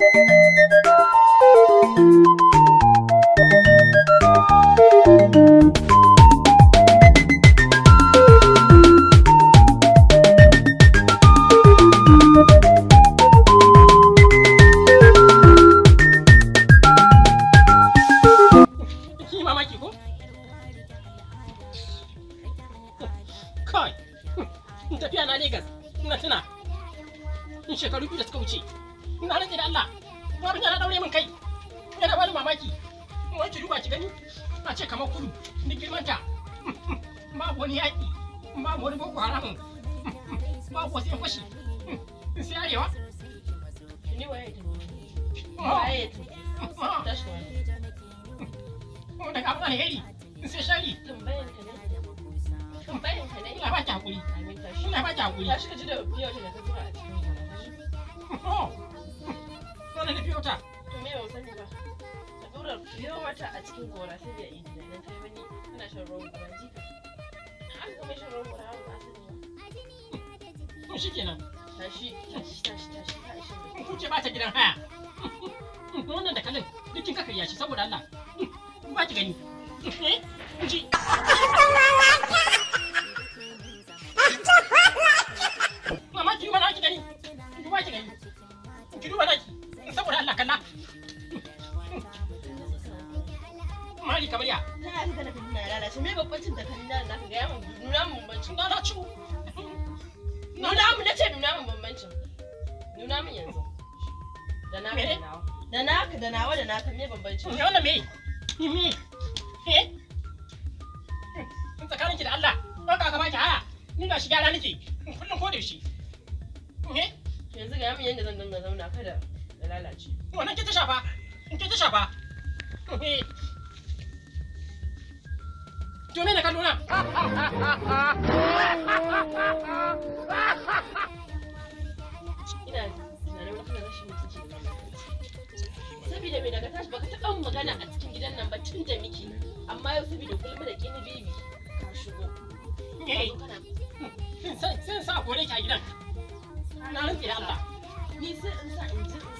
kawai t a p i a na Legas ina k s e n a in s h a k a r u b i u da suka wuce ina rage da Allah yarinya na daure min kai yana bani mamaki wai ki duba ki gani a ce kamar kudu ni girmanta babu wani yaƙi babu wani boko haramun babu wasu yan fashi sai arewa ni waye wani ah. ah. daga alheri sai shari ina ba ki hakuri ina ba ki hakuri ya shi ka ji da biyar da ka a cikin wata to me ba sani ba ta dora biyo mata a cikin gora sai ya yi da nan kai wani ana shan ruwan gora jika an kuma shan ruwan gora ba sani ne to kenan tashi tashi tashi tashi tashi ku ce ba ta gidan haya wannan da kalin dukkin kaka yashi saboda Allah ba ki gani eh ji saboda Allah kalla mali kamar ya nuna bambancin ba na ci nuna nuna bambancin nuna yanzu da na ka da na ka da nawa da me bambancin wannan me me eh da Allah ba ka haya ni shi nake ko da shi yanzu ga zan zauna kada lalace wannan ke ta shafa in ke ta shafa to me na kallo na ina tunanin wannan rashin mutunci saboda me daga tashi baka taɓa magana a cikin gidan nan ba tun da miki amma yau saboda kulma da kini bibi ka shigo san sa gore ki a gidan na rantsi Allah ni sai in sa in ji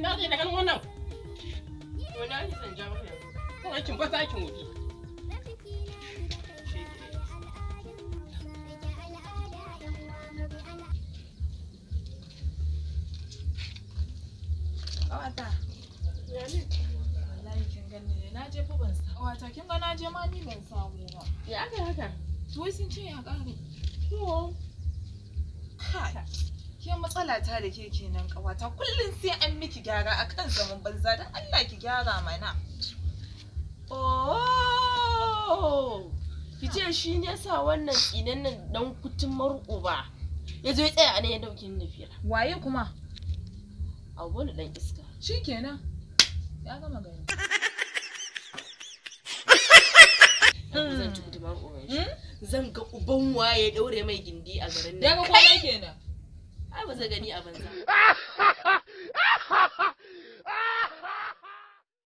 na rage da ganin wannan to na rage zan ja maka yanzu kuma aikin ba aikin wuce Kawata. Ya ne? Wallahi kin ganni na je fa ban samu. Wato kin ga na je ma ni ban samu ba. Ya aka haka? Wai sun ce ya ƙare. To. matsala ta da ke kenan ƙawata kullum sai an miki gyara a kan zaman banza don Allah ki gyara mana oh ki ce shi ne sa wannan nan dan kutun marko ba ya zo ya tsaya a nan ya dauke ni fira waye kuma abu ne dan iska shikenan ya gama gani zan hmm? ga uban waye daure mai gindi a garin nan ya ga kwana kenan ai ba zai gani a banza